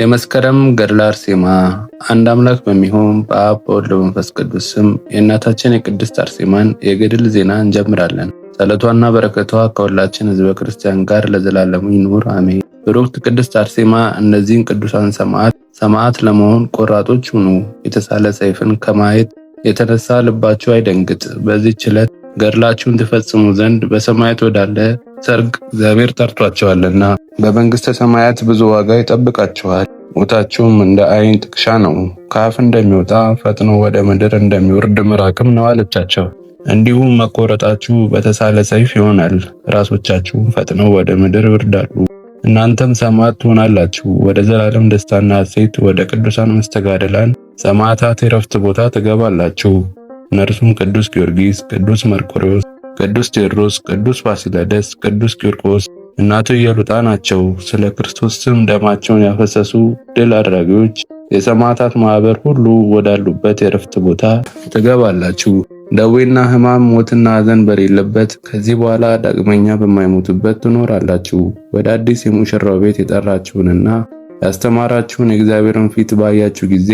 የመስከረም ገድለ አርሴማ። አንድ አምላክ በሚሆን በአብ በወልድ በመንፈስ ቅዱስ ስም የእናታችን የቅድስት አርሴማን የገድል ዜና እንጀምራለን። ጸሎቷና በረከቷ ከሁላችን ሕዝበ ክርስቲያን ጋር ለዘላለሙ ይኑር አሜን። ብሩክት ቅድስት አርሴማ እነዚህን ቅዱሳን ሰማዕት ሰማዕት ለመሆን ቆራጦች ሁኑ። የተሳለ ሰይፍን ከማየት የተነሳ ልባችሁ አይደንግጥ። በዚህች ዕለት ገድላችሁን ትፈጽሙ ዘንድ በሰማያት ወዳለ ሰርግ እግዚአብሔር ጠርቷቸዋልና በመንግሥተ ሰማያት ብዙ ዋጋ ይጠብቃችኋል። ሞታችሁም እንደ አይን ጥቅሻ ነው፣ ከአፍ እንደሚወጣ ፈጥኖ ወደ ምድር እንደሚወርድ ምራቅም ነው አለቻቸው። እንዲሁም መቆረጣችሁ በተሳለ ሰይፍ ይሆናል፣ ራሶቻችሁም ፈጥነው ወደ ምድር ይወርዳሉ። እናንተም ሰማዕት ትሆናላችሁ፣ ወደ ዘላለም ደስታና ሐሴት፣ ወደ ቅዱሳን መስተጋደላን ሰማዕታት የረፍት ቦታ ትገባላችሁ። እነርሱም ቅዱስ ጊዮርጊስ፣ ቅዱስ መርቆሬዎስ፣ ቅዱስ ቴዎድሮስ፣ ቅዱስ ፋሲለደስ፣ ቅዱስ ቂርቆስ እናቱ ኢየሉጣ ናቸው። ስለ ክርስቶስ ስም ደማቸውን ያፈሰሱ ድል አድራጊዎች የሰማዕታት ማህበር ሁሉ ወዳሉበት የረፍት ቦታ ትገባላችሁ። ደዌና ሕማም ሞትና ሐዘን በሌለበት ከዚህ በኋላ ዳግመኛ በማይሞቱበት ትኖራላችሁ። ወደ አዲስ የሙሽራው ቤት የጠራችሁንና ያስተማራችሁን የእግዚአብሔርን ፊት ባያችሁ ጊዜ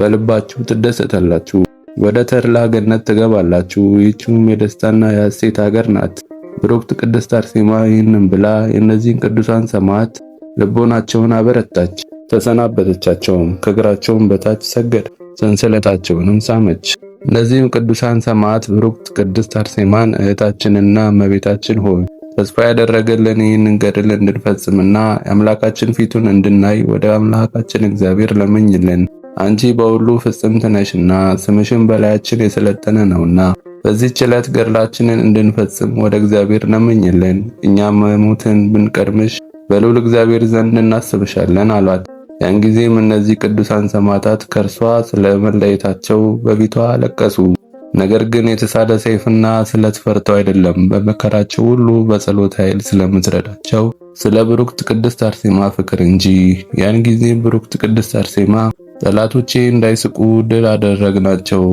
በልባችሁ ትደሰታላችሁ። ወደ ተድላ ገነት ትገባላችሁ። ይህችም የደስታና የሐሴት ሀገር ናት። ብሩክት ቅድስት አርሴማ ይህንን ብላ የእነዚህን ቅዱሳን ሰማዕት ልቦናቸውን አበረታች፣ ተሰናበተቻቸውም። ከእግራቸውም በታች ሰገድ ሰንሰለታቸውንም ሳመች። እነዚህም ቅዱሳን ሰማዕት ብሩክት ቅድስት አርሴማን እህታችንና እመቤታችን ሆይ ተስፋ ያደረገልን ይህንን ገድል እንድንፈጽምና የአምላካችን ፊቱን እንድናይ ወደ አምላካችን እግዚአብሔር ለምኝልን አንቺ በሁሉ ፍጽምት ነሽና ስምሽም በላያችን የሰለጠነ ነውና በዚህች ዕለት ገድላችንን እንድንፈጽም ወደ እግዚአብሔር ለምኝልን፣ እኛም መሞትን ብንቀድምሽ በልዑል እግዚአብሔር ዘንድ እናስብሻለን አሏት። ያን ጊዜም እነዚህ ቅዱሳን ሰማዕታት ከእርሷ ስለ መለየታቸው በፊቷ ለቀሱ። ነገር ግን የተሳለ ሰይፍና ስለት ፈርተው አይደለም፣ በመከራቸው ሁሉ በጸሎት ኃይል ስለምትረዳቸው ስለ ብሩክት ቅድስት አርሴማ ፍቅር እንጂ። ያን ጊዜ ብሩክት ቅድስት አርሴማ ጠላቶቼ እንዳይስቁ ድል አደረግናቸው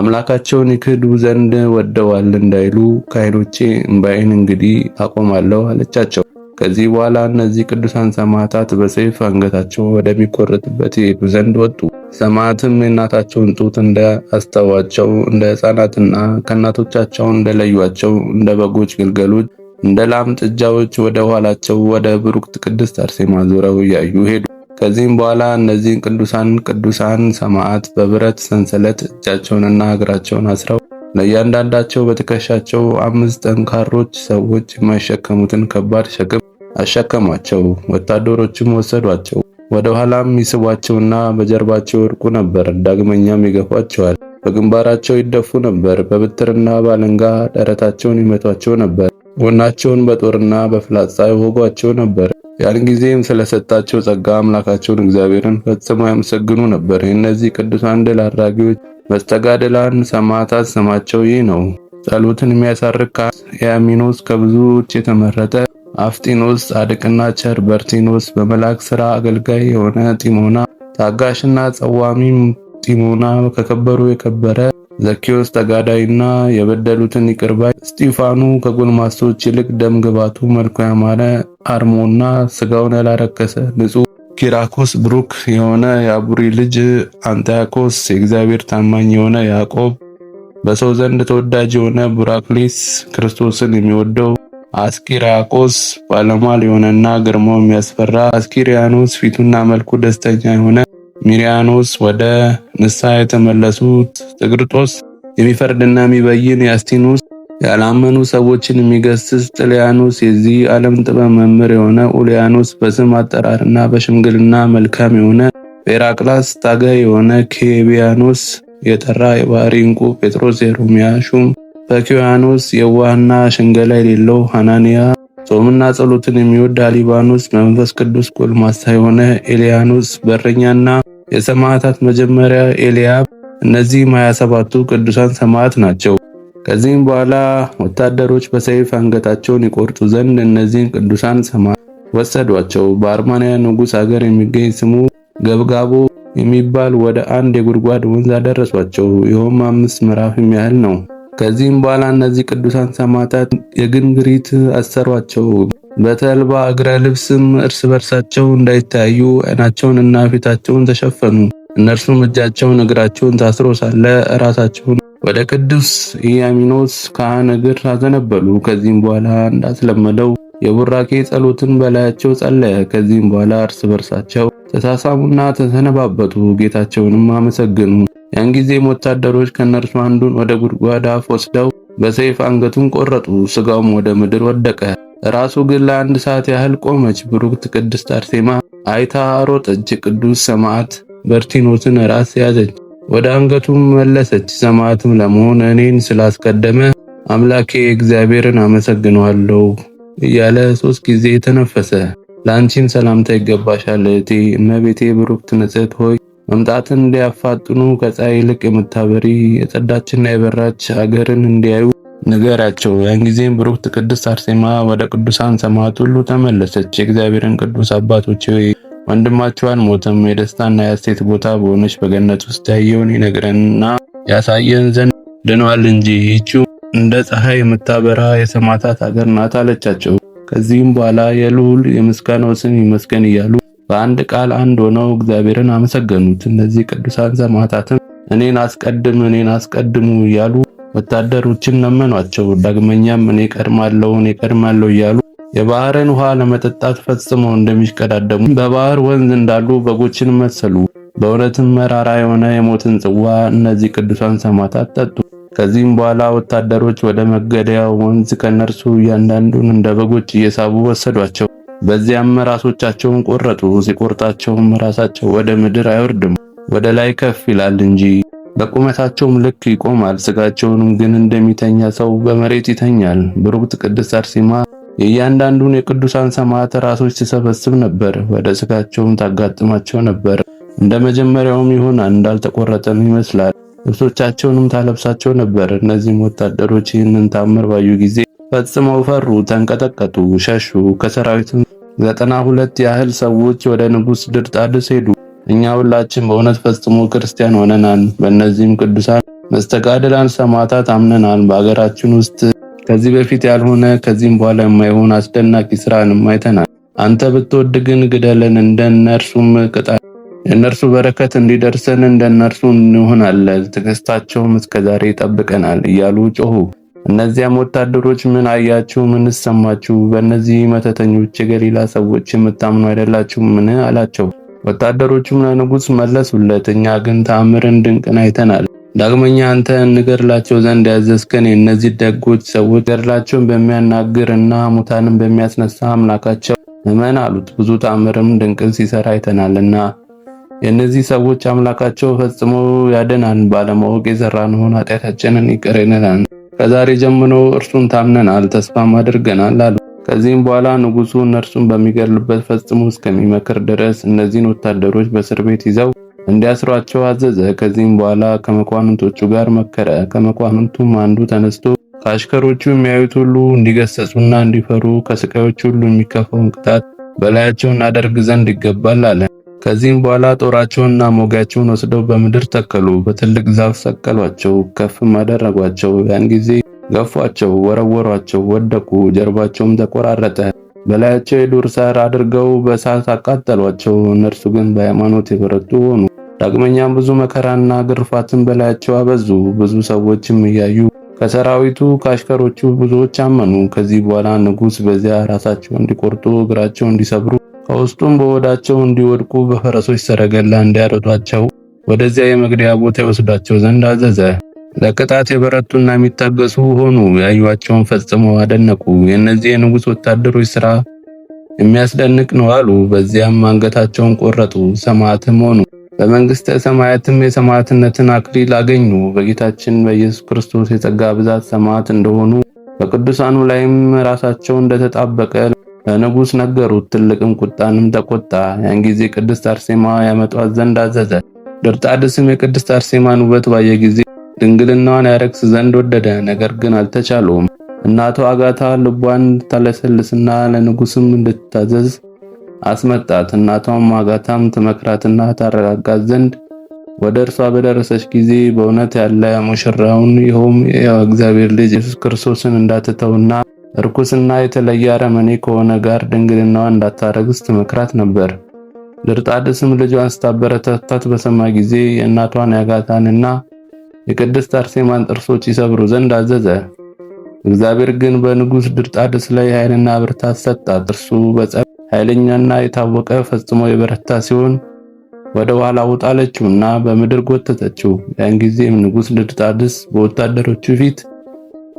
አምላካቸውን ይክዱ ዘንድ ወደዋል እንዳይሉ ከዓይኖቼ እምባዬን እንግዲህ አቆማለሁ አለቻቸው። ከዚህ በኋላ እነዚህ ቅዱሳን ሰማዕታት በሰይፍ አንገታቸው ወደሚቆረጥበት ይሄዱ ዘንድ ወጡ። ሰማዕትም የእናታቸውን ጡት እንደ አስተዋቸው እንደ ሕፃናትና ከእናቶቻቸው እንደለዩቸው እንደ በጎች ግልገሎች፣ እንደ ላም ጥጃዎች ወደ ኋላቸው ወደ ብሩክት ቅድስት አርሴማ ዙረው እያዩ ሄዱ። ከዚህም በኋላ እነዚህን ቅዱሳን ቅዱሳን ሰማዕት በብረት ሰንሰለት እጃቸውንና እግራቸውን አስረው ለእያንዳንዳቸው በትከሻቸው አምስት ጠንካሮች ሰዎች የማይሸከሙትን ከባድ ሸክም አሸከሟቸው። ወታደሮችም ወሰዷቸው። ወደ ኋላም ይስቧቸውና በጀርባቸው ይወድቁ ነበር። ዳግመኛም ይገፏቸዋል። በግንባራቸው ይደፉ ነበር። በብትርና ባለንጋ ደረታቸውን ይመቷቸው ነበር። ጎናቸውን በጦርና በፍላጻ ይወጓቸው ነበር። ያን ጊዜም ስለሰጣቸው ጸጋ አምላካቸውን እግዚአብሔርን ፈጽመው ያመሰግኑ ነበር። የእነዚህ ቅዱሳን ድል አድራጊዎች መስተጋድላን ሰማዕታት ስማቸው ይህ ነው። ጸሎትን የሚያሳርቅ ካህስ ኢያሚኖስ ከብዙዎች የተመረጠ አፍጢኖስ ጻድቅና ቸር፣ በርቲኖስ በመልአክ ሥራ አገልጋይ የሆነ ጢሞና ታጋሽና ጸዋሚም ጢሞና ከከበሩ የከበረ ዘኪዮስ ተጋዳይና የበደሉትን ይቅርባይ እስጢፋኑ ከጎልማሶች ይልቅ ደም ግባቱ መልኩ ያማረ አርሞና ስጋውን ያላረከሰ ንጹሕ ኪራኮስ ብሩክ የሆነ የአቡሪ ልጅ አንታያኮስ የእግዚአብሔር ታማኝ የሆነ ያዕቆብ በሰው ዘንድ ተወዳጅ የሆነ ቡራክሊስ ክርስቶስን የሚወደው አስኪራቆስ ባለሟል የሆነና ግርማው የሚያስፈራ አስኪሪያኖስ ፊቱና መልኩ ደስተኛ የሆነ ሚሪያኖስ ወደ ንሳ የተመለሱት ጥግርጦስ የሚፈርድና የሚበይን የአስቲኖስ ያላመኑ ሰዎችን የሚገስስ ጥልያኖስ የዚህ ዓለም ጥበብ መምህር የሆነ ኡልያኖስ በስም አጠራርና በሽምግልና መልካም የሆነ በኤራቅላስ ታጋይ የሆነ ኬቢያኖስ የጠራ የባህሪ እንቁ ጴጥሮስ የሮሚያ ሹም በኪያኖስ የዋህና ሽንገላ የሌለው ሐናንያ፣ ጾምና ጸሎትን የሚወድ አሊባኖስ፣ መንፈስ ቅዱስ ጎልማሳ የሆነ ኤልያኖስ፣ በረኛና የሰማዕታት መጀመሪያ ኤልያብ። እነዚህም 27 ሰባቱ ቅዱሳን ሰማዕት ናቸው። ከዚህም በኋላ ወታደሮች በሰይፍ አንገታቸውን ይቆርጡ ዘንድ እነዚህን ቅዱሳን ሰማዕት ወሰዷቸው። በአርማንያ ንጉሥ አገር የሚገኝ ስሙ ገብጋቦ የሚባል ወደ አንድ የጉድጓድ ወንዝ አደረሷቸው። ይኸውም አምስት ምዕራፍ የሚያህል ነው። ከዚህም በኋላ እነዚህ ቅዱሳን ሰማዕታት የግንግሪት አሰሯቸው። በተልባ እግረ ልብስም እርስ በርሳቸው እንዳይታያዩ ዓይናቸውን እና ፊታቸውን ተሸፈኑ። እነርሱም እጃቸውን እግራቸውን ታስሮ ሳለ ራሳቸውን ወደ ቅዱስ ኢያሚኖስ ካህን እግር አዘነበሉ። ከዚህም በኋላ እንዳስለመደው የቡራኬ ጸሎትን በላያቸው ጸለየ። ከዚህም በኋላ እርስ በርሳቸው ተሳሳሙና ተሰነባበቱ፣ ጌታቸውንም አመሰግኑ። ያን ጊዜም ወታደሮች ከእነርሱ አንዱን ወደ ጉድጓድ አፍ ወስደው በሰይፍ አንገቱን ቆረጡ። ስጋውም ወደ ምድር ወደቀ። ራሱ ግን ለአንድ ሰዓት ያህል ቆመች። ብሩክት ቅድስት አርሴማ አይታ ሮጠች። ቅዱስ ሰማዕት በርቲኖስን ራስ ያዘች፣ ወደ አንገቱም መለሰች። ሰማዕትም ለመሆን እኔን ስላስቀደመ አምላኬ እግዚአብሔርን አመሰግነዋለሁ እያለ ሶስት ጊዜ ተነፈሰ። ለአንቺም ሰላምታ ይገባሻል እህቴ እመቤቴ ብሩክት ንጽሕት ሆይ መምጣትን እንዲያፋጥኑ ከፀሐይ ይልቅ የምታበሪ የጸዳችና የበራች አገርን እንዲያዩ ንገራቸው። ያን ጊዜም ብሩክት ቅድስት አርሴማ ወደ ቅዱሳን ሰማዕት ሁሉ ተመለሰች። የእግዚአብሔርን ቅዱስ አባቶች ወይ ወንድማቸዋን ሞተም የደስታና የሐሴት ቦታ በሆነች በገነት ውስጥ ያየውን ይነግረንና ያሳየን ዘንድ ድኗል እንጂ ይቹ እንደ ፀሐይ የምታበራ የሰማዕታት አገር ናት አለቻቸው። ከዚህም በኋላ የልዑል የምስጋናው ስም ይመስገን እያሉ በአንድ ቃል አንድ ሆነው እግዚአብሔርን አመሰገኑት። እነዚህ ቅዱሳን ሰማዕታትም እኔን አስቀድም እኔን አስቀድሙ እያሉ ወታደሮችን ለመኗቸው። ዳግመኛም እኔ ቀድማለሁ እኔ ቀድማለሁ እያሉ የባህርን ውሃ ለመጠጣት ፈጽመው እንደሚሽቀዳደሙ በባህር ወንዝ እንዳሉ በጎችን መሰሉ። በእውነትም መራራ የሆነ የሞትን ጽዋ እነዚህ ቅዱሳን ሰማዕታት ጠጡ። ከዚህም በኋላ ወታደሮች ወደ መገደያው ወንዝ ከነርሱ እያንዳንዱን እንደ በጎች እየሳቡ ወሰዷቸው። በዚያም ራሶቻቸውን ቆረጡ። ሲቆርጣቸውም ራሳቸው ወደ ምድር አይወርድም፣ ወደ ላይ ከፍ ይላል እንጂ በቁመታቸውም ልክ ይቆማል። ስጋቸውንም ግን እንደሚተኛ ሰው በመሬት ይተኛል። ብሩክት ቅድስት አርሴማ የእያንዳንዱን የቅዱሳን ሰማዕት ራሶች ትሰበስብ ነበር፣ ወደ ስጋቸውም ታጋጥማቸው ነበር። እንደ መጀመሪያውም ይሁን እንዳልተቆረጠም ይመስላል። ልብሶቻቸውንም ታለብሳቸው ነበር። እነዚህም ወታደሮች ይህንን ታምር ባዩ ጊዜ ፈጽመው ፈሩ፣ ተንቀጠቀጡ፣ ሸሹ። ከሰራዊትም ዘጠና ሁለት ያህል ሰዎች ወደ ንጉሥ ድርጣድስ ሄዱ። እኛ ሁላችን በእውነት ፈጽሞ ክርስቲያን ሆነናል። በእነዚህም ቅዱሳን መስተጋድላን ሰማዕታት አምነናል። በአገራችን ውስጥ ከዚህ በፊት ያልሆነ ከዚህም በኋላ የማይሆን አስደናቂ ስራንም አይተናል። አንተ ብትወድ ግን ግደለን፣ እንደነርሱም ቅጣ የእነርሱ በረከት እንዲደርሰን እንደነርሱ እንሆናለን። ትዕግስታቸውም እስከዛሬ ይጠብቀናል እያሉ ጮሁ። እነዚያም ወታደሮች ምን አያችሁ? ምን ሰማችሁ? በእነዚህ መተተኞች የገሊላ ሰዎች የምታምኑ አይደላችሁ? ምን አላቸው። ወታደሮቹም ለንጉሥ መለሱለት፣ እኛ ግን ተአምርን ድንቅን አይተናል። ዳግመኛ አንተ እንገድላቸው ዘንድ ያዘዝከን የእነዚህ ደጎች ሰዎች ገድላቸውን በሚያናግር እና ሙታንን በሚያስነሳ አምላካቸው እመን አሉት። ብዙ ተአምርም ድንቅን ሲሰራ አይተናልና የእነዚህ ሰዎች አምላካቸው ፈጽሞ ያደናን፣ ባለማወቅ የሰራነውን ኃጢአታችንን ይቅር ይለናል። ከዛሬ ጀምሮ እርሱን ታምነናል፣ ተስፋም አድርገናል አሉ። ከዚህም በኋላ ንጉሱ እነርሱን በሚገድልበት ፈጽሞ እስከሚመክር ድረስ እነዚህን ወታደሮች በእስር ቤት ይዘው እንዲያስሯቸው አዘዘ። ከዚህም በኋላ ከመኳንንቶቹ ጋር መከረ። ከመኳንንቱም አንዱ ተነስቶ ከአሽከሮቹ የሚያዩት ሁሉ እንዲገሰጹና እንዲፈሩ ከስቃዮች ሁሉ የሚከፈውን ቅጣት በላያቸው እናደርግ ዘንድ ይገባል አለ። ከዚህም በኋላ ጦራቸውንና ሞጋቸውን ወስደው በምድር ተከሉ። በትልቅ ዛፍ ሰቀሏቸው፣ ከፍም አደረጓቸው። ያን ጊዜ ገፏቸው፣ ወረወሯቸው፣ ወደቁ፣ ጀርባቸውም ተቆራረጠ። በላያቸው የዱር ሳር አድርገው በእሳት አቃጠሏቸው። እነርሱ ግን በሃይማኖት የበረቱ ሆኑ። ዳግመኛም ብዙ መከራና ግርፋትን በላያቸው አበዙ። ብዙ ሰዎችም እያዩ ከሰራዊቱ ከአሽከሮቹ ብዙዎች አመኑ። ከዚህ በኋላ ንጉሥ በዚያ ራሳቸው እንዲቆርጡ እግራቸው እንዲሰብሩ ከውስጡም በወዳቸው እንዲወድቁ በፈረሶች ሰረገላ እንዲያረዷቸው ወደዚያ የመግደያ ቦታ ይወስዷቸው ዘንድ አዘዘ። ለቅጣት የበረቱና የሚታገሱ ሆኑ። ያዩአቸውን ፈጽመው አደነቁ። የእነዚህ የንጉሥ ወታደሮች ሥራ የሚያስደንቅ ነው አሉ። በዚያም አንገታቸውን ቆረጡ፣ ሰማዕትም ሆኑ። በመንግሥተ ሰማያትም የሰማዕትነትን አክሊል አገኙ። በጌታችን በኢየሱስ ክርስቶስ የጸጋ ብዛት ሰማዕት እንደሆኑ በቅዱሳኑ ላይም ራሳቸው እንደተጣበቀ ለንጉሥ ነገሩት። ትልቅም ቁጣንም ተቆጣ። ያን ጊዜ ቅድስት አርሴማ ያመጧት ዘንድ አዘዘ። ድርጣድስም የቅድስት አርሴማን ውበት ባየ ጊዜ ድንግልናዋን ያረክስ ዘንድ ወደደ። ነገር ግን አልተቻለውም። እናቷ አጋታ ልቧን እንድታለሰልስና ለንጉሥም እንድታዘዝ አስመጣት። እናቷም አጋታም ትመክራትና ታረጋጋት ዘንድ ወደ እርሷ በደረሰች ጊዜ በእውነት ያለ ሙሽራውን ይኸውም የእግዚአብሔር ልጅ ኢየሱስ ክርስቶስን እንዳትተውና እርኩስና የተለየ አረመኔ ከሆነ ጋር ድንግልናዋ እንዳታረግዝ ትመክራት ነበር። ድርጣድስም ልጇን ስታበረታታት በሰማ ጊዜ የእናቷን ያጋታንና የቅድስት አርሴማን ጥርሶች ይሰብሩ ዘንድ አዘዘ። እግዚአብሔር ግን በንጉሥ ድርጣድስ ላይ ኃይልና ብርታት ሰጣት። እርሱ በጸብ ኃይለኛና የታወቀ ፈጽሞ የበረታ ሲሆን ወደ ኋላ ውጣ በምድር ጎተተችው። ያን ጊዜም ንጉሥ ድርጣድስ በወታደሮቹ ፊት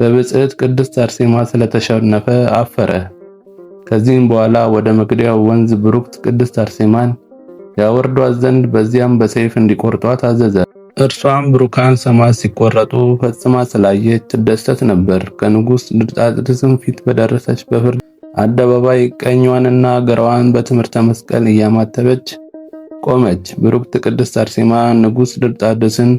በብጽዕት ቅድስት አርሴማ ስለተሸነፈ አፈረ። ከዚህም በኋላ ወደ መግደያው ወንዝ ብሩክት ቅድስት አርሴማን ያወርዷት ዘንድ በዚያም በሰይፍ እንዲቆርጧት አዘዘ። እርሷም ብሩካን ሰማት ሲቆረጡ ፈጽማ ስላየች ደስተት ነበር። ከንጉሥ ድርጣድስም ፊት በደረሰች በፍርድ አደባባይ ቀኟንና ገራዋን በትምህርተ መስቀል እያማተበች ቆመች። ብሩክት ቅድስት አርሴማ ንጉሥ ድርጣድስን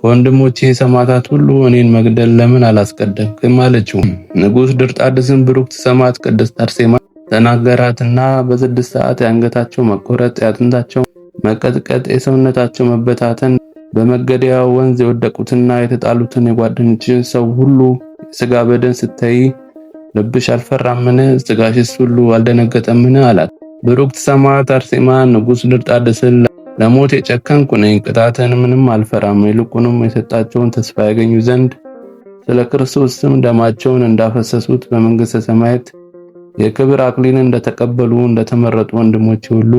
ከወንድሞቼ ሰማዕታት ሁሉ እኔን መግደል ለምን አላስቀደምክም? አለችው። ንጉሥ ድርጣድስን ብሩክት ሰማዕት ቅድስት አርሴማ ተናገራትና በስድስት ሰዓት የአንገታቸው መቆረጥ፣ የአጥንታቸው መቀጥቀጥ፣ የሰውነታቸው መበታተን፣ በመገደያ ወንዝ የወደቁትና የተጣሉትን የጓደኞችን ሰው ሁሉ ስጋ በደን ስታይ ልብሽ አልፈራምን? ስጋሽስ ሁሉ አልደነገጠምን? አላት። ብሩክት ሰማዕት አርሴማ ንጉሥ ድርጣድስን ለሞት የጨከንኩ ነኝ፣ ቅጣትን ምንም አልፈራም። ይልቁንም የሰጣቸውን ተስፋ ያገኙ ዘንድ ስለ ክርስቶስ ስም ደማቸውን እንዳፈሰሱት በመንግሥተ ሰማያት የክብር አክሊን እንደተቀበሉ እንደተመረጡ ወንድሞች ሁሉ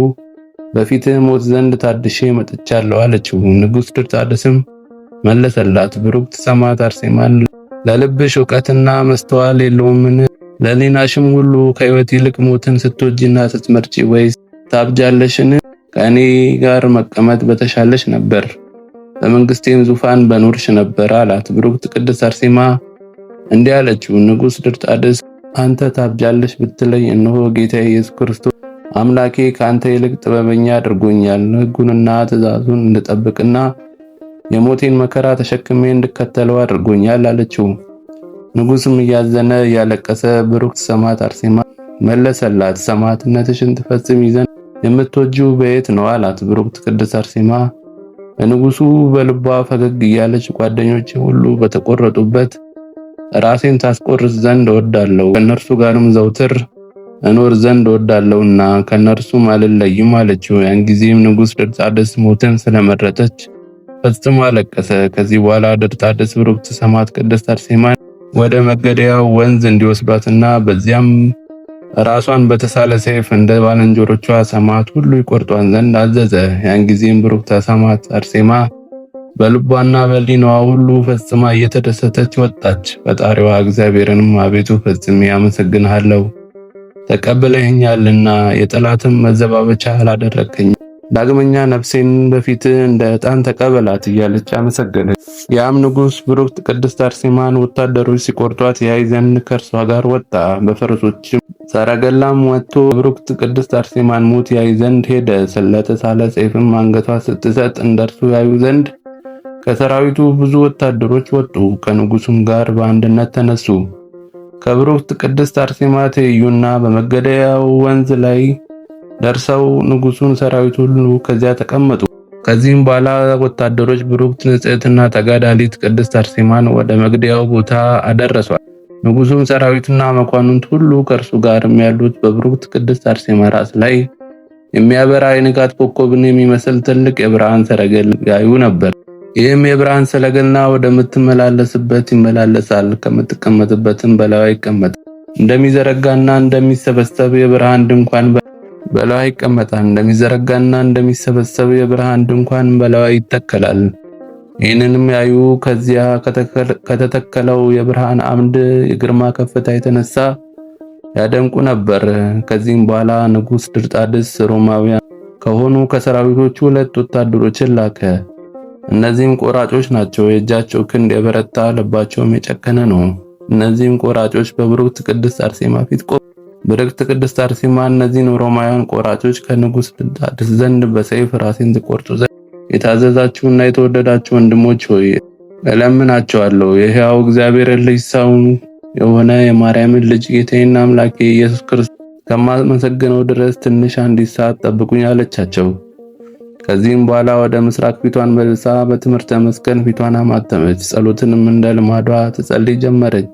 በፊትህ ሞት ዘንድ ታድሼ መጥቻለሁ አለችው። ንጉሥ ድርጣድስም መለሰላት፣ ብሩክት ሰማዕት አርሴማን ለልብሽ እውቀትና መስተዋል የለውምን? ለሊናሽም ሁሉ ከሕይወት ይልቅ ሞትን ስትወጂና ስትመርጪ ወይስ ታብጃለሽን? ከእኔ ጋር መቀመጥ በተሻለች ነበር፣ በመንግስቴም ዙፋን በኖርሽ ነበር አላት። ብሩክት ቅድስት አርሴማ እንዲህ አለችው፣ ንጉሥ ድርጣድስ አንተ ታብጃለሽ ብትለኝ፣ እነሆ ጌታ ኢየሱስ ክርስቶስ አምላኬ ከአንተ ይልቅ ጥበበኛ አድርጎኛል። ሕጉንና ትእዛዙን እንድጠብቅና የሞቴን መከራ ተሸክሜ እንድከተለው አድርጎኛል አለችው። ንጉሥም እያዘነ እያለቀሰ ብሩክት ሰማዕት አርሴማ መለሰላት፣ ሰማዕትነትሽን ትፈጽም ይዘን የምትወጂው በየት ነው አላት። ብሩክት ቅድስት አርሴማ ንጉሱ በልቧ ፈገግ እያለች ጓደኞች ሁሉ በተቆረጡበት ራሴን ታስቆርስ ዘንድ እወዳለሁ ከእነርሱ ጋርም ዘውትር እኖር ዘንድ እወዳለሁና ከእነርሱም አልለይም አለችው። ያን ጊዜም ንጉስ ድርጣድስ ሞትን ስለመረጠች ፈጽሞ አለቀሰ። ከዚህ በኋላ ድርጣደስ ብሩክት ሰማዕት ቅድስት አርሴማን ወደ መገደያው ወንዝ እንዲወስዷትና በዚያም ራሷን በተሳለ ሰይፍ እንደ ባልንጀሮቿ ሰማዕት ሁሉ ይቆርጧን ዘንድ አዘዘ። ያን ጊዜም ብሩክተ ሰማዕት አርሴማ በልቧና በሊናዋ ሁሉ ፈጽማ እየተደሰተች ወጣች። ፈጣሪዋ እግዚአብሔርንም አቤቱ ፈጽሜ አመሰግንሃለሁ ተቀብለኸኛልና የጠላትም መዘባበቻ አላደረከኝ ዳግመኛ ነፍሴን በፊት እንደ ዕጣን ተቀበላት እያለች አመሰገነች። ያም ንጉሥ ብሩክት ቅድስት አርሴማን ወታደሮች ሲቆርጧት ያይ ዘንድ ከእርሷ ጋር ወጣ። በፈረሶችም ሰረገላም ወጥቶ ብሩክት ቅድስት አርሴማን ሞት ያይ ዘንድ ሄደ። ስለተሳለ ሰይፍም አንገቷ ስትሰጥ እንደርሱ ያዩ ዘንድ ከሰራዊቱ ብዙ ወታደሮች ወጡ። ከንጉሱም ጋር በአንድነት ተነሱ። ከብሩክት ቅድስት አርሴማ ትይዩና በመገደያው ወንዝ ላይ ደርሰው ንጉሱን ሰራዊት ሁሉ ከዚያ ተቀመጡ። ከዚህም በኋላ ወታደሮች ብሩክት ንጽሕትና ተጋዳሊት ቅድስት አርሴማን ወደ መግደያው ቦታ አደረሷል። ንጉሱም ሰራዊትና መኳንንት ሁሉ ከእርሱ ጋርም ያሉት በብሩክት ቅድስት አርሴማ ራስ ላይ የሚያበራ የንጋት ኮከብን የሚመስል ትልቅ የብርሃን ሰረገል ያዩ ነበር። ይህም የብርሃን ሰረገላ ወደምትመላለስበት ይመላለሳል፣ ከምትቀመጥበትም በላዩ ይቀመጣል። እንደሚዘረጋና እንደሚሰበሰብ የብርሃን ድንኳን በላዋ ይቀመጣል፣ እንደሚዘረጋና እንደሚሰበሰብ የብርሃን ድንኳን በላዋ ይተከላል። ይህንንም ያዩ ከዚያ ከተተከለው የብርሃን አምድ የግርማ ከፍታ የተነሳ ያደንቁ ነበር። ከዚህም በኋላ ንጉሥ ድርጣድስ ሮማውያን ከሆኑ ከሰራዊቶቹ ሁለት ወታደሮችን ላከ። እነዚህም ቆራጮች ናቸው። የእጃቸው ክንድ የበረታ ልባቸውም የጨከነ ነው። እነዚህም ቆራጮች በብሩክት ቅድስት አርሴማ ፊት በደግስት ቅድስት አርሴማ እነዚህን ሮማውያን ቆራጮች ከንጉስ ድዳድስ ዘንድ በሰይፍ ራሴን ትቆርጡ ዘንድ የታዘዛችሁና የተወደዳችሁ ወንድሞች ሆይ እለምናችኋለሁ። የሕያው እግዚአብሔር ልጅ ሰው የሆነ የማርያምን ልጅ ጌታዬና አምላኬ ኢየሱስ ክርስቶስ ከማመሰግነው ድረስ ትንሽ አንዲት ሰዓት ጠብቁኝ አለቻቸው። ከዚህም በኋላ ወደ ምስራቅ ፊቷን መልሳ በትምህርተ መስቀል ፊቷን አማተመች። ጸሎትንም እንደ ልማዷ ትጸልይ ጀመረች።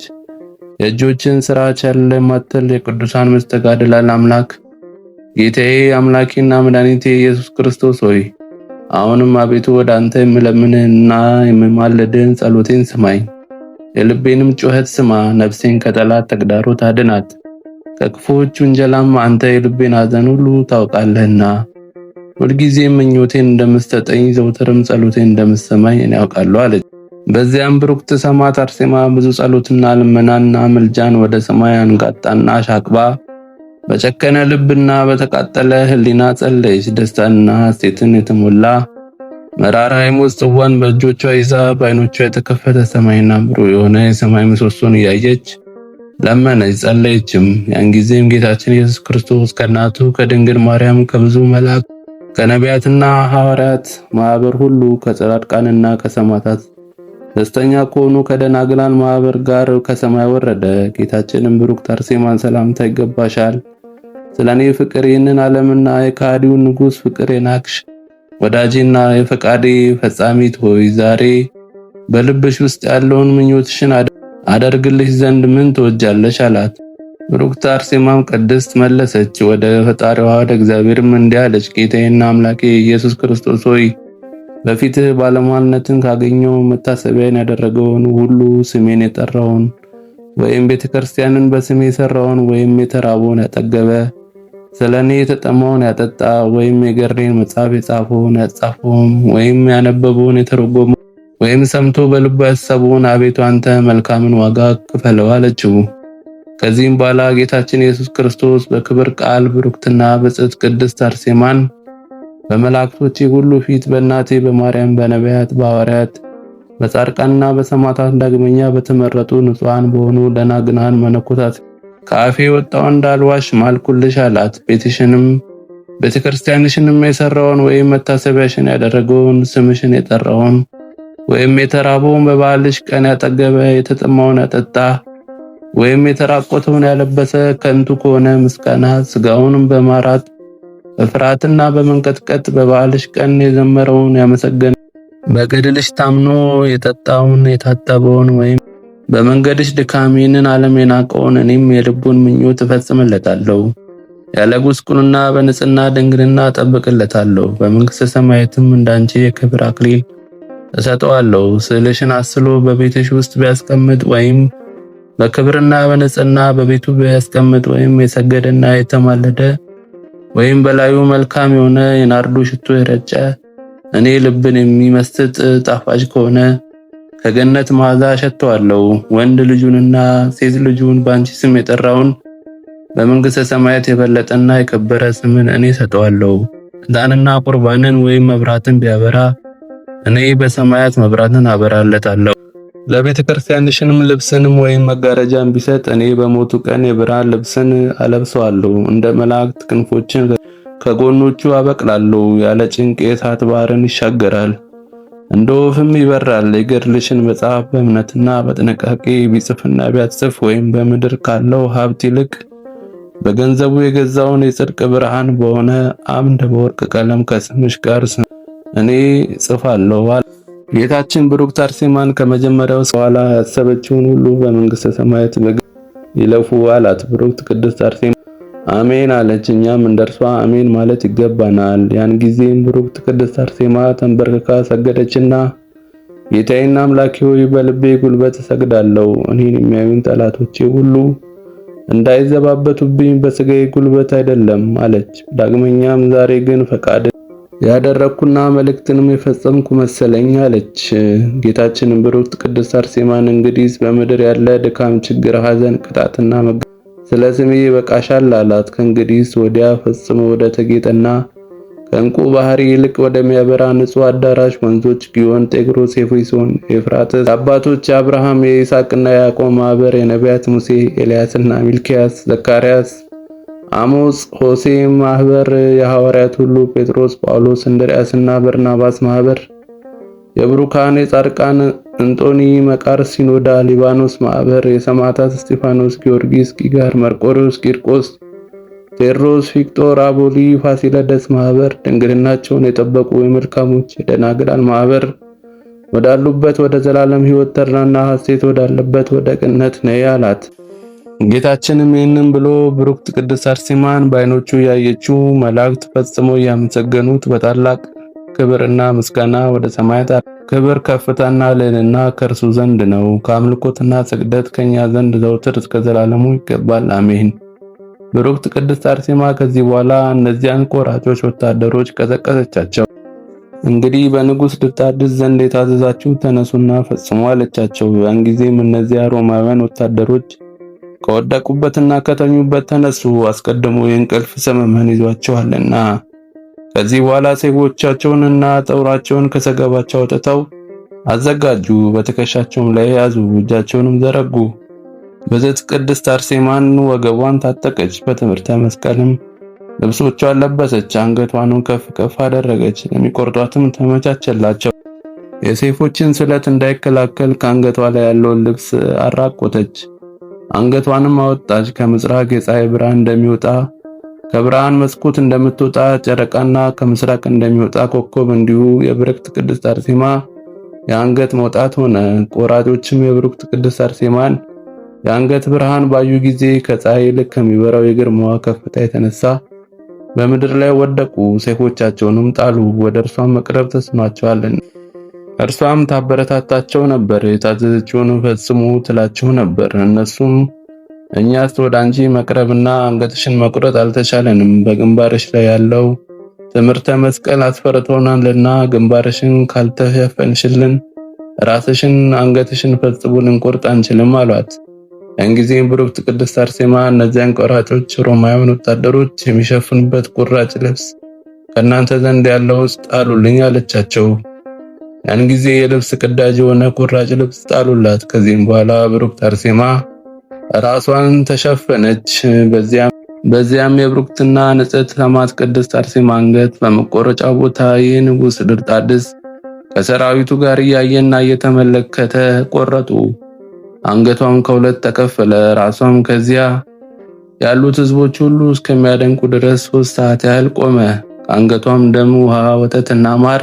የእጆችን ስራ ቸል ማትል የቅዱሳን መስተጋድላን አምላክ ጌታዬ አምላኬና መድኃኒቴ ኢየሱስ ክርስቶስ ሆይ አሁንም አቤቱ ወደ አንተ የምለምንህና የምማለድህን ጸሎቴን ስማኝ፣ የልቤንም ጩኸት ስማ። ነፍሴን ከጠላት ተግዳሮት አድናት፣ ከክፉዎች ውንጀላም አንተ የልቤን ሐዘን ሁሉ ታውቃለህና። ሁልጊዜ ምኞቴን እንደምትሰጠኝ ዘውትርም ጸሎቴን እንደምትሰማኝ እኔ አውቃለሁ አለች። በዚያም ብሩክት ሰማዕት አርሴማ ብዙ ጸሎትና ልመናና ምልጃን ወደ ሰማይ አንጋጣና አሻቅባ በጨከነ ልብና በተቃጠለ ሕሊና ጸለይች። ደስታና ሐሴትን የተሞላ መራራ የሞት ጽዋን በእጆቿ ይዛ በዓይኖቿ የተከፈተ ሰማይና ብሩህ የሆነ የሰማይ ምሰሶን እያየች ለመነች ጸለየችም። ያን ጊዜም ጌታችን ኢየሱስ ክርስቶስ ከእናቱ ከድንግል ማርያም ከብዙ መላእክት ከነቢያትና ሐዋርያት ማኅበር ሁሉ ከጸራድቃንና ከሰማዕታት ደስተኛ ከሆኑ ከደናግላን ማህበር ጋር ከሰማይ ወረደ። ጌታችንም ብሩክ አርሴማን ሰላምታ ይገባሻል፣ ስለ እኔ ፍቅር ይህንን ዓለምና የካዲው ንጉሥ ፍቅር የናክሽ ወዳጄና የፈቃዴ ፈጻሚት ሆይ ዛሬ በልብሽ ውስጥ ያለውን ምኞትሽን አደርግልሽ ዘንድ ምን ትወጃለሽ? አላት። ብሩክት አርሴማም ቅድስት መለሰች፣ ወደ ፈጣሪዋ ወደ እግዚአብሔርም እንዲህ አለች፣ ጌታዬና አምላኬ ኢየሱስ ክርስቶስ ሆይ በፊትህ ባለሟልነትን ካገኘው መታሰቢያን ያደረገውን ሁሉ ስሜን የጠራውን ወይም ቤተ ክርስቲያንን በስሜ የሰራውን ወይም የተራበውን ያጠገበ ስለ እኔ የተጠማውን ያጠጣ ወይም የገሬን መጽሐፍ የጻፈውን ያጻፈውም ወይም ያነበበውን የተረጎመ ወይም ሰምቶ በልቡ ያሰበውን አቤቱ አንተ መልካምን ዋጋ ክፈለው አለችው። ከዚህም በኋላ ጌታችን ኢየሱስ ክርስቶስ በክብር ቃል ብሩክትና በጽድቅ ቅድስት አርሴማን በመላእክቶቼ ሁሉ ፊት በእናቴ በማርያም በነቢያት በሐዋርያት በጻድቃንና በሰማዕታት ዳግመኛ በተመረጡ ንጹሐን በሆኑ ደናግናን መነኮታት ከአፌ የወጣውን እንዳልዋሽ ማልኩልሽ አላት። ቤትሽንም ቤተ የሰራውን ወይም መታሰቢያሽን ያደረገውን ስምሽን የጠራውን ወይም የተራበውን በበዓልሽ ቀን ያጠገበ የተጠማውን ያጠጣ ወይም የተራቆተውን ያለበሰ ከንቱ ከሆነ ምስጋና ስጋውንም በማራት በፍርሃትና በመንቀጥቀጥ በበዓልሽ ቀን የዘመረውን ያመሰገነ በገድልሽ ታምኖ የጠጣውን የታጠበውን ወይም በመንገድሽ ድካሜንን ዓለም የናቀውን እኔም የልቡን ምኞት እፈጽምለታለሁ። ያለ ጉስቁልና በንጽህና ድንግልና እጠብቅለታለሁ። በመንግሥተ ሰማያትም እንዳንቺ የክብር አክሊል እሰጠዋለሁ። ስዕልሽን አስሎ በቤትሽ ውስጥ ቢያስቀምጥ ወይም በክብርና በንጽህና በቤቱ ቢያስቀምጥ ወይም የሰገደና የተማለደ ወይም በላዩ መልካም የሆነ የናርዶ ሽቶ የረጨ እኔ ልብን የሚመስጥ ጣፋጭ ከሆነ ከገነት መዓዛ ሸተዋለሁ። ወንድ ልጁንና ሴት ልጁን በአንቺ ስም የጠራውን በመንግሥተ ሰማያት የበለጠና የከበረ ስምን እኔ ሰጠዋለሁ። ዕጣንና ቁርባንን ወይም መብራትን ቢያበራ እኔ በሰማያት መብራትን አበራለታለሁ። ለቤተ ክርስቲያንሽንም ልብስንም ወይም መጋረጃን ቢሰጥ እኔ በሞቱ ቀን የብርሃን ልብስን አለብሰዋለሁ፣ እንደ መላእክት ክንፎችን ከጎኖቹ አበቅላለሁ። ያለ ጭንቅ የእሳት ባህርን ይሻገራል፣ እንደ ወፍም ይበራል። የገድልሽን መጽሐፍ በእምነትና በጥንቃቄ ቢጽፍና ቢያጽፍ ወይም በምድር ካለው ሀብት ይልቅ በገንዘቡ የገዛውን የጽድቅ ብርሃን በሆነ አምድ በወርቅ ቀለም ከስምሽ ጋር እኔ ጽፋለሁ። ጌታችን ብሩክት አርሴማን ከመጀመሪያው ኋላ ያሰበችውን ሁሉ በመንግስተ ሰማያት ይለፉ አላት። ብሩክት ቅድስት አርሴማ አሜን አለች። እኛም እንደርሷ አሜን ማለት ይገባናል። ያን ጊዜም ብሩክት ቅድስት አርሴማ ተንበርክካ ሰገደችና ጌታዬና አምላኬ ሆይ በልቤ ጉልበት እሰግዳለሁ። እኔን የሚያዩን ጠላቶቼ ሁሉ እንዳይዘባበቱብኝ በስጋዬ ጉልበት አይደለም አለች። ዳግመኛም ዛሬ ግን ፈቃድ ያደረግኩና መልእክትንም የፈጸምኩ መሰለኝ አለች። ጌታችንን ብሩክት ቅድስት አርሴማን እንግዲህ በምድር ያለ ድካም፣ ችግር፣ ሐዘን፣ ቅጣትና መጋ ስለ ስሜ ይበቃሻል አላት። ከእንግዲህ ወዲያ ፈጽሞ ወደ ተጌጠና ከእንቁ ባህሪ ይልቅ ወደሚያበራ ንጹህ አዳራሽ ወንዞች ጊዮን፣ ጤግሮስ፣ ኤፍሶን፣ ኤፍራጥስ አባቶች የአብርሃም የይስሐቅና ያዕቆብ ማህበር የነቢያት ሙሴ፣ ኤልያስና ሚልኪያስ፣ ዘካርያስ አሞጽ፣ ሆሴ ማህበር የሐዋርያት ሁሉ ጴጥሮስ፣ ጳውሎስ፣ እንድርያስና በርናባስ ማህበር የብሩካን የጻድቃን እንጦኒ፣ መቃር፣ ሲኖዳ፣ ሊባኖስ ማህበር የሰማዕታት እስጢፋኖስ፣ ጊዮርጊስ፣ ጊጋር፣ መርቆሪዎስ፣ ቂርቆስ፣ ቴድሮስ፣ ፊቅጦር፣ አቦሊ፣ ፋሲለደስ ማህበር ድንግልናቸውን የጠበቁ የመልካሞች የደናግላን ማህበር ወዳሉበት ወደ ዘላለም ሕይወት ተራና ሐሴት ወዳለበት ወደ ቅነት ነይ አላት። ጌታችንም ይህንን ብሎ ብሩክት ቅድስት አርሴማን በዓይኖቹ ያየችው መላእክት ፈጽሞ እያመሰገኑት በታላቅ ክብርና ምስጋና ወደ ሰማያት ክብር ከፍታና ልዕልና ከእርሱ ዘንድ ነው፣ ከአምልኮትና ስግደት ከኛ ዘንድ ዘውትር እስከ ዘላለሙ ይገባል፣ አሜን። ብሩክት ቅድስት አርሴማ ከዚህ በኋላ እነዚያን ቆራጮች ወታደሮች ቀሰቀሰቻቸው። እንግዲህ በንጉስ ድርጣድስ ዘንድ የታዘዛችሁ ተነሱና ፈጽሙ አለቻቸው። ያን ጊዜም እነዚያ ሮማውያን ወታደሮች ከወደቁበትና ከተኙበት ተነሱ፣ አስቀድሞ የእንቅልፍ ሰመመን ይዟቸዋልና። ከዚህ በኋላ ሴጎቻቸውንና ጠውራቸውን ከሰገባቸው አውጥተው አዘጋጁ፣ በትከሻቸውም ላይ ያዙ፣ እጃቸውንም ዘረጉ። በዘት ቅድስት አርሴማን ወገቧን ታጠቀች፣ በትምህርተ መስቀልም ልብሶቿን ለበሰች፣ አንገቷንም ከፍ ከፍ አደረገች። ለሚቆርጧትም ተመቻቸላቸው። የሴፎችን ስለት እንዳይከላከል ከአንገቷ ላይ ያለውን ልብስ አራቆተች። አንገቷንም አወጣች። ከምስራቅ የፀሐይ ብርሃን እንደሚወጣ ከብርሃን መስኮት እንደምትወጣ ጨረቃና ከምስራቅ እንደሚወጣ ኮከብ እንዲሁ የብርክት ቅድስት አርሴማ የአንገት መውጣት ሆነ። ቆራጮችም የብርክት ቅድስት አርሴማን የአንገት ብርሃን ባዩ ጊዜ ከፀሐይ ልክ ከሚበራው የግርማዋ ከፍታ የተነሳ በምድር ላይ ወደቁ፣ ሰይፎቻቸውንም ጣሉ። ወደ እርሷን መቅረብ ተስኗቸዋልና እርሷም ታበረታታቸው ነበር። የታዘዘችውን ፈጽሙ ትላቸው ነበር። እነሱም እኛስ ወደ አንቺ መቅረብና አንገትሽን መቁረጥ አልተቻለንም፣ በግንባርሽ ላይ ያለው ትምህርተ መስቀል አስፈርቶናልና ግንባርሽን ካልተሸፈንሽልን ራስሽን አንገትሽን ፈጽሙ ልንቆርጥ አንችልም አሏት። እንጊዜም ብሩክት ቅድስት አርሴማ እነዚያን ቆራጮች ሮማውያን ወታደሮች የሚሸፍኑበት ቁራጭ ልብስ ከእናንተ ዘንድ ያለው ውስጥ አሉልኝ አለቻቸው። ያን ጊዜ የልብስ ቅዳጅ የሆነ ቁራጭ ልብስ ጣሉላት። ከዚህም በኋላ ብሩክት አርሴማ ራሷን ተሸፈነች። በዚያም የብሩክትና ንጽሕት ሰማዕት ቅድስት አርሴማ አንገት በመቆረጫ ቦታ የንጉሥ ድርጣድስ ከሰራዊቱ ጋር እያየና እየተመለከተ ቆረጡ። አንገቷም ከሁለት ተከፈለ። ራሷም ከዚያ ያሉት ሕዝቦች ሁሉ እስከሚያደንቁ ድረስ ሶስት ሰዓት ያህል ቆመ። ከአንገቷም ደም፣ ውሃ፣ ወተትና ማር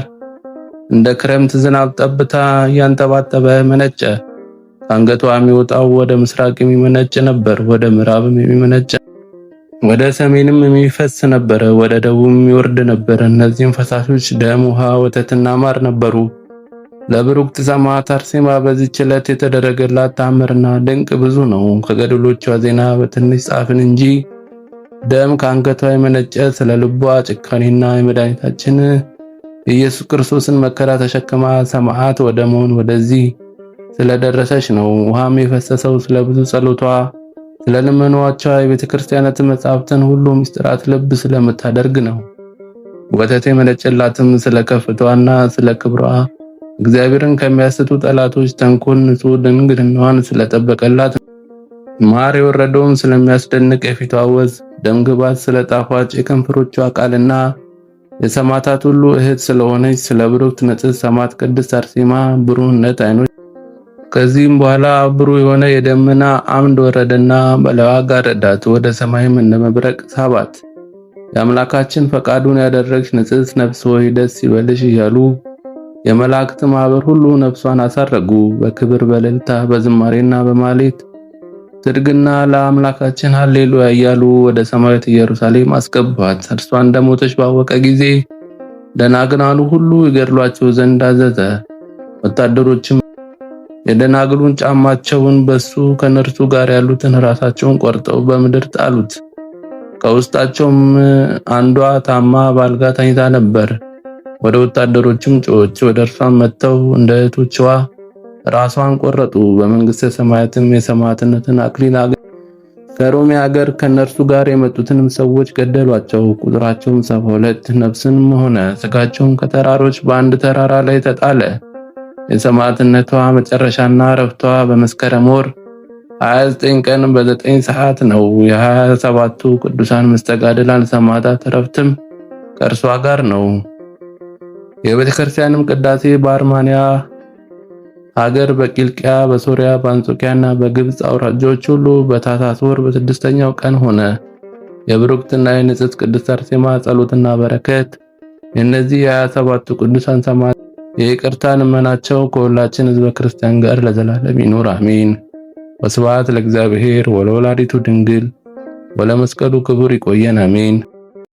እንደ ክረምት ዝናብ ጠብታ እያንጠባጠበ መነጨ። ከአንገቷ የሚወጣው ወደ ምስራቅ የሚመነጭ ነበር፣ ወደ ምዕራብም የሚመነጭ ወደ ሰሜንም የሚፈስ ነበር፣ ወደ ደቡብም የሚወርድ ነበር። እነዚህም ፈሳሾች ደም፣ ውሃ፣ ወተትና ማር ነበሩ። ለብሩክት ሰማዕት አርሴማ በዚህች ዕለት የተደረገላት ተአምርና ድንቅ ብዙ ነው። ከገድሎቿ ዜና በትንሽ ጻፍን እንጂ ደም ከአንገቷ የመነጨ ስለ ልቧ ጭካኔና የመድኃኒታችን ኢየሱስ ክርስቶስን መከራ ተሸክማ ሰማዕት ወደ መሆን ወደዚህ ስለደረሰች ነው። ውሃም የፈሰሰው ስለ ብዙ ጸሎቷ፣ ስለ ልመኗቿ፣ የቤተ ክርስቲያናት መጻሕፍትን ሁሉ ምስጢራት ልብ ስለምታደርግ ነው። ወተት የመነጨላትም ስለ ከፍቷና ስለ ክብሯ እግዚአብሔርን ከሚያስቱ ጠላቶች ተንኮል ንጹሕ ድንግልናዋን ስለጠበቀላት ማር የወረደውም ስለሚያስደንቅ የፊቷ ወዝ ደምግባት ስለጣፋጭ የከንፈሮቿ ቃልና የሰማዕታት ሁሉ እህት ስለሆነች ስለ ብሩክት ንጽሕት ሰማዕት ቅድስት አርሴማ ብሩህነት አይኖች። ከዚህም በኋላ ብሩህ የሆነ የደመና አምድ ወረደና በለዋ ጋረዳት፣ ወደ ሰማይም እንደ መብረቅ ሳባት። የአምላካችን ፈቃዱን ያደረግሽ ንጽሕት ነፍስ ሆይ ደስ ይበልሽ እያሉ የመላእክት ማህበር ሁሉ ነፍሷን አሳረጉ። በክብር በእልልታ በዝማሬና በማሌት ጽድቅና ለአምላካችን ሃሌሉያ እያሉ ወደ ሰማያዊት ኢየሩሳሌም አስገቧት። እርሷ እንደሞተች ባወቀ ጊዜ ደናግናኑ ሁሉ ይገድሏቸው ዘንድ አዘዘ። ወታደሮችም የደናግሉን ጫማቸውን በሱ ከነርሱ ጋር ያሉትን ራሳቸውን ቆርጠው በምድር ጣሉት። ከውስጣቸውም አንዷ ታማ ባልጋ ተኝታ ነበር። ወደ ወታደሮችም ጮች ወደ እርሷም መጥተው እንደ እህቶችዋ ራሷን ቆረጡ። በመንግስተ ሰማያትም የሰማዕትነትን አክሊል ከሮሜ ሀገር ከነርሱ ጋር የመጡትንም ሰዎች ገደሏቸው። ቁጥራቸውም ሰባ ሁለት ነፍስንም ሆነ። ስጋቸውም ከተራሮች በአንድ ተራራ ላይ ተጣለ። የሰማዕትነቷ መጨረሻና እረፍቷ በመስከረም ወር 29 ቀን በ9 ሰዓት ነው። የ 27 ቱ ቅዱሳን መስተጋድላን ሰማዕታት እረፍትም ከእርሷ ጋር ነው። የቤተክርስቲያንም ቅዳሴ በአርማንያ አገር በቂልቅያ በሶሪያ በአንጾኪያና በግብፅ አውራጆች ሁሉ በታኅሳስ ወር በስድስተኛው ቀን ሆነ። የብሩክትና የንጽሕት ቅድስት አርሴማ ጸሎትና በረከት የእነዚህ የሀያ ሰባቱ ቅዱሳን ሰማዕታት የይቅርታ ልመናቸው ከሁላችን ሕዝበ ክርስቲያን ጋር ለዘላለም ይኑር አሜን። ወስብሐት ለእግዚአብሔር ወለወላዲቱ ድንግል ወለመስቀሉ ክቡር ይቆየን አሜን።